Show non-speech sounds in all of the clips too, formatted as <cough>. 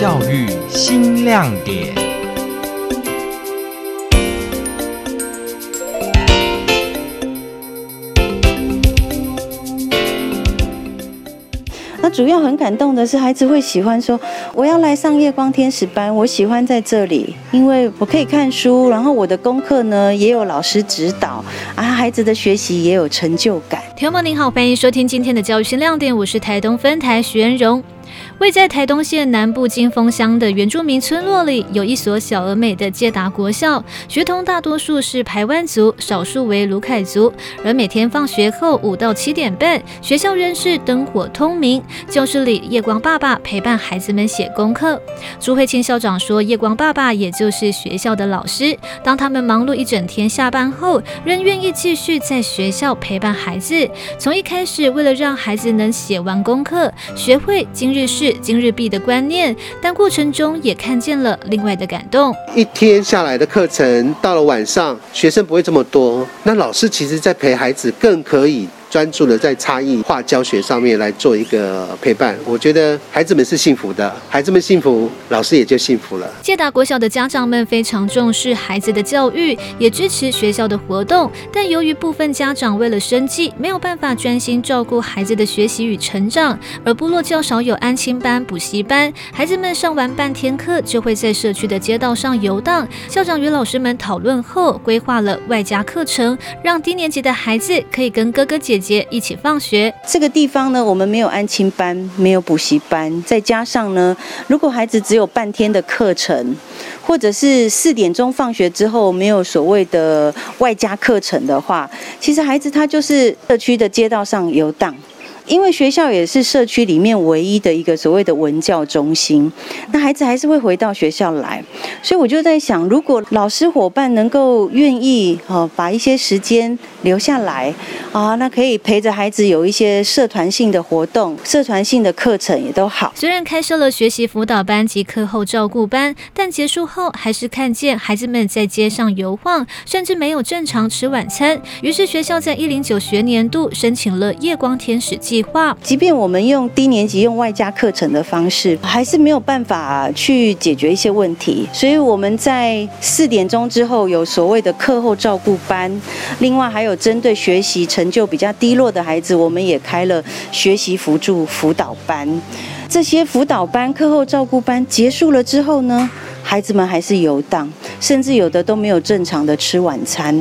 教育新亮點。那主要很感動的是，孩子會喜歡說：“我要來上夜光天使班，我喜歡在這裡，因為我可以看書，然後我的功課呢也有老師指導啊，孩子的學習也有成就感。”聽眾朋友您好，歡迎收聽今天的教育新亮點，我是台東分台徐元榮。位在台東縣南部金峰鄉的原住民村落裡，有一所小而美的介達國校，學童大多數是排灣族，少數為魯凱族。而每天放學後五到七點半，學校仍是燈火通明，教室裡夜光爸爸陪伴孩子們寫功課。朱慧清校長說：“夜光爸爸也就是學校的老師，當他們忙碌一整天下班後，仍願意繼續在學校陪伴孩子。從一開始，為了讓孩子能寫完功課，學會今日事。”今日畢的觀念，但過程中也看見了另外的感動。一天下來的課程，到了晚上，學生不會這麼多，那老師其實在陪孩子更可以。專注的在差異化教學上面來做一個陪伴，我覺得孩子們是幸福的，孩子們幸福，老師也就幸福了。介達國小的家長們非常重視孩子的教育，也支持學校的活動，但由於部分家長為了生計沒有辦法專心照顧孩子的學習與成長，而部落較少有安親班、補習班，孩子們上完半天課就會在社區的街道上遊蕩。校長與老師們討論後，規劃了外加課程，讓低年級的孩子可以跟哥哥姐一起放學。這個地方呢，我們沒有安親班，沒有補習班。再加上呢，如果孩子只有半天的課程，或者是四點鐘放學之後沒有所謂的外加課程的話，其實孩子他就是社區的街道上遊蕩。因為學校也是社區裡面唯一的一個所謂的文教中心，那孩子還是會回到學校來，所以我就在想，如果老師伙伴能夠願意哦，把一些時間留下來啊，那可以陪着孩子有一些社團性的活動，社團性的課程也都好。雖然開設了學習輔導班及課後照顧班，但結束後還是看見孩子們在街上遊晃，甚至沒有正常吃晚餐。於是學校在一零九學年度申請了夜光天使計。即便我們用低年級用外加課程的方式，還是沒有辦法去解決一些問題。所以我們在四點鐘之後有所謂的課後照顧班，另外還有針對學習成就比較低落的孩子，我們也開了學習輔助輔導班。這些輔導班、課後照顧班結束了之後呢，孩子們還是遊蕩。甚至有的都沒有正常的吃晚餐，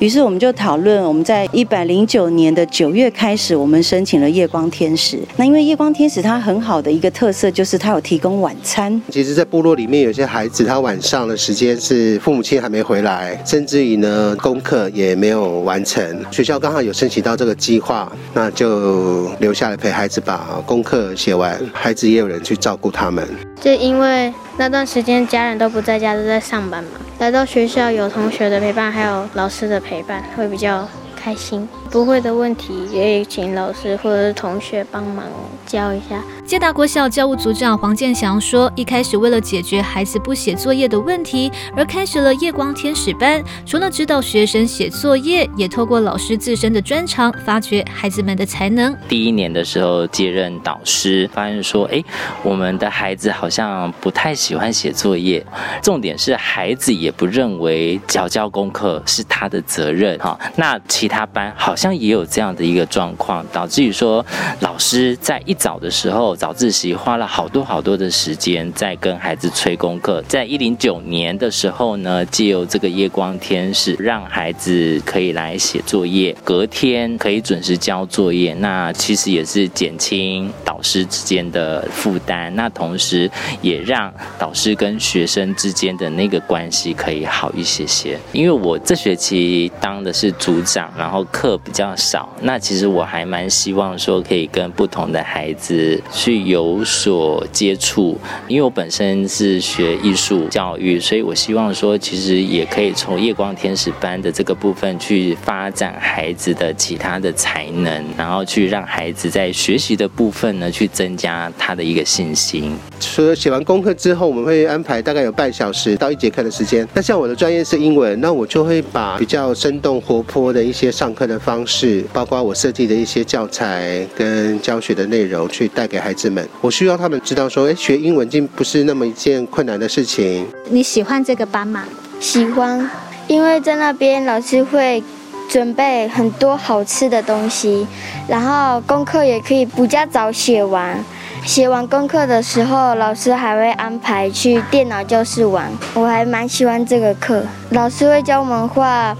於是我們就討論，我們在一百零九年的九月開始，我們申請了夜光天使。那因為夜光天使它很好的一個特色就是它有提供晚餐。其實，在部落裡面有些孩子，他晚上的時間是父母親還沒回來，甚至於呢功課也沒有完成，學校剛好有申請到這個計劃，那就留下來陪孩子把功課寫完，孩子也有人去照顧他們。就因為那段時間家人都不在家，都在上班嘛。來到學校，有同學的陪伴，還有老師的陪伴，會比較開心不會的問題，也請老師或者是同學幫忙教一下。介達國小教務組長黃建祥說，一開始為了解決孩子不寫作業的問題，而開始了夜光天使班。除了指導學生寫作業，也透過老師自身的專長，發掘孩子們的才能。第一年的時候接任導師，發現說，欸，我們的孩子好像不太喜歡寫作業，重點是孩子也不認為教教功課是他的責任。哈，那其他。他班好像也有這樣的一個狀況，導致於說，老師在一早的時候早自習花了好多好多的時間在跟孩子催功課。在一零九年的時候呢，借由這個夜光天使，讓孩子可以來寫作業，隔天可以準時交作業。那其實也是減輕導師之間的負擔，那同時也讓導師跟學生之間的那個關係可以好一些些。因為我這學期當的是組長然後課比較少，那其實我還蠻希望說可以跟不同的孩子去有所接觸，因為我本身是學藝術教育，所以我希望說，其實也可以從夜光天使班的這個部分去發展孩子的其他的才能，然後去讓孩子在學習的部分呢，去增加他的一個信心。所以寫完功課之後，我們會安排大概有半小時到一節課的時間。那像我的專業是英文，那我就會把比較生動活潑的一些。上課的方式，包括我設計的一些教材跟教學的內容，去帶給孩子們。我希望他們知道說，誒，學英文並不是那麼一件困難的事情。你喜歡這個班嗎？喜歡，嗯、因為在那邊老師會準備很多好吃的東西，然後功課也可以比較早寫完。寫完功課的時候，老師還會安排去電腦教室玩。我還蠻喜歡這個課，老師會教我們畫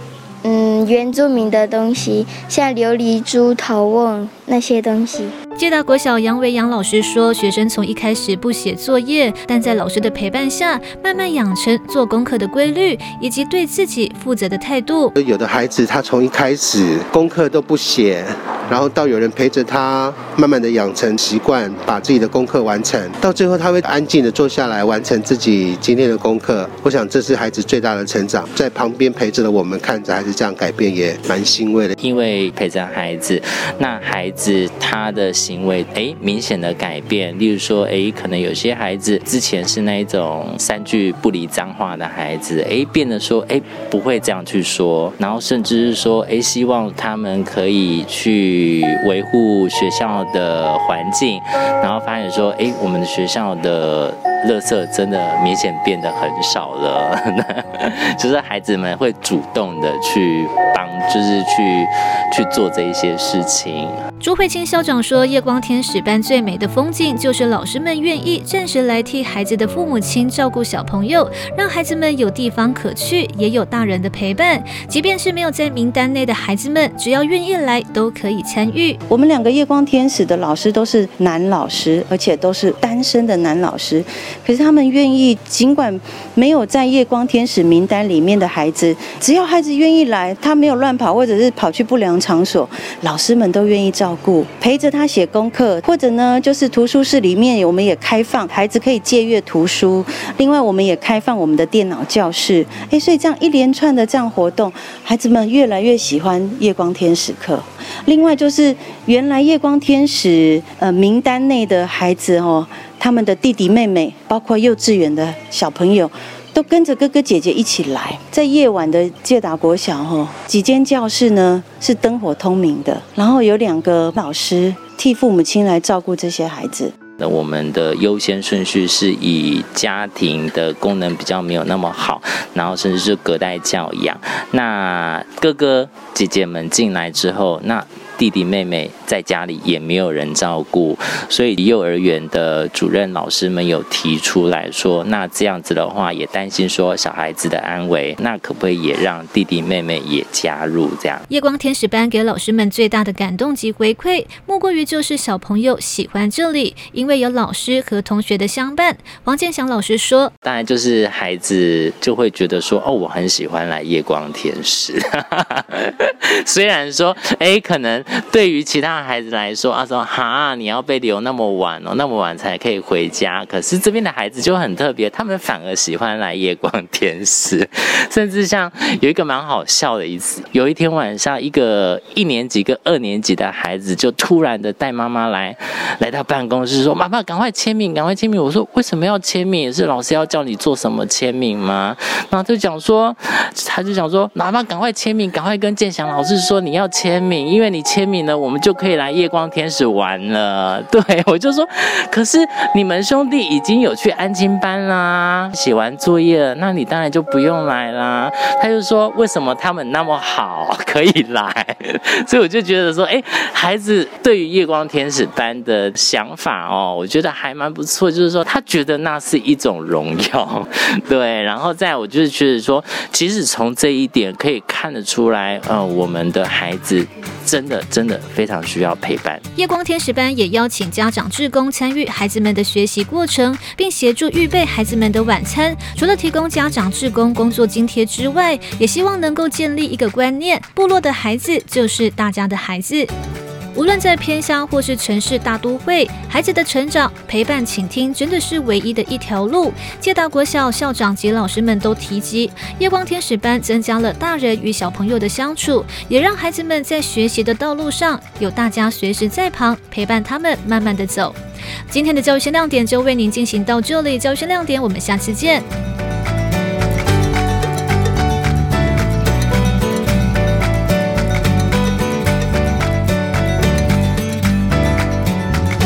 原住民的東西，像琉璃珠、陶甕那些東西。介達國小楊維陽老師說，學生從一開始不寫作業，但在老師的陪伴下，慢慢養成做功課的規律，以及對自己負責的態度。有的孩子他從一開始功課都不寫。然後到有人陪着他，慢慢的養成習慣，把自己的功課完成，到最後他會安靜的坐下來完成自己今天的功課。我想這是孩子最大的成長，在旁邊陪着的我們看着孩子這樣改變也蠻欣慰的。因為陪着孩子，那孩子他的行為哎明顯的改變，例如說哎可能有些孩子之前是那一種三句不離髒話的孩子，哎變得說哎不會這樣去說，然後甚至是說哎希望他們可以去。去維護學校的環境，然後發現說，哎，我們的學校的垃圾真的明顯變得很少了，就是孩子們會主動的去幫，就是去去做這一些事情。朱慧清校長說：“夜光天使班最美的風景，就是老師們願意暫時來替孩子的父母親照顧小朋友，讓孩子們有地方可去，也有大人的陪伴。即便是沒有在名單內的孩子們，只要願意來，都可以參與。我們兩個夜光天使的老師都是男老師，而且都是單身的男老師。”可是他們願意，儘管沒有在夜光天使名單裡面的孩子，只要孩子願意來，他沒有亂跑，或者是跑去不良場所，老師們都願意照顧，陪着他寫功課，或者呢，就是圖書室裡面我們也開放，孩子可以借閱圖書。另外，我們也開放我們的電腦教室。哎、欸，所以這樣一連串的這樣活動，孩子們越來越喜歡夜光天使課。另外就是原來夜光天使呃名單內的孩子哦，他們的弟弟妹妹，包括幼稚園的小朋友，都跟着哥哥姐姐一起來，在夜晚的介達國小吼，幾間教室呢是燈火通明的，然後有兩個老師替父母親來照顧這些孩子。那我們的優先順序是以家庭的功能比較沒有那麼好，然後甚至是隔代教養。那哥哥姐姐們進來之後，那弟弟妹妹。在家裡也沒有人照顧，所以幼兒園的主任老師們有提出來說，那這樣子的話也擔心說小孩子的安危，那可不可以也讓弟弟妹妹也加入？這樣夜光天使班給老師們最大的感動及回饋，莫過於就是小朋友喜歡這裡，因為有老師和同學的相伴。王建祥老師說，當然就是孩子就會覺得說，哦，我很喜歡來夜光天使。 <laughs> 雖然說，哎、欸，可能對於其他。孩子來說啊，說哈，你要被留那麼晚哦、喔，那麼晚才可以回家。可是這邊的孩子就很特別，他們反而喜歡來夜光天使，甚至像有一個蠻好笑的一次，有一天晚上，一個一年級跟二年級的孩子就突然的帶媽媽來來到辦公室說，說媽媽趕快簽名，趕快簽名。我說為什麼要簽名？是老師要叫你做什麼簽名嗎？然後就講說，他就講說，媽媽趕快簽名，趕快跟建祥老師說你要簽名，因為你簽名呢，我們就可以。可以來夜光天使玩了，對。我就說，可是你們兄弟已經有去安親班啦，寫完作業了，那你當然就不用來啦。他就說，為什麼他們那麼好可以來？所以我就覺得說，哎，孩子對於夜光天使班的想法哦，我覺得還蠻不錯，就是說他覺得那是一種榮耀，對。然後再我就是覺得說，其實從這一點可以看得出來，呃，我們的孩子真的真的非常。需要陪伴。夜光天使班也邀請家長志工參與孩子們的學習過程，並協助預備孩子們的晚餐。除了提供家長志工工作津貼之外，也希望能夠建立一個觀念：部落的孩子就是大家的孩子。無論在偏鄉或是城市大都會，孩子的成長陪伴傾聽真的是唯一的一條路。介達國小校長及老師們都提及，夜光天使班增加了大人與小朋友的相處，也讓孩子們在學習的道路上有大家隨時在旁陪伴他們，慢慢的走。今天的教育新亮點就為您進行到這裡，教育新亮點，我們下次見。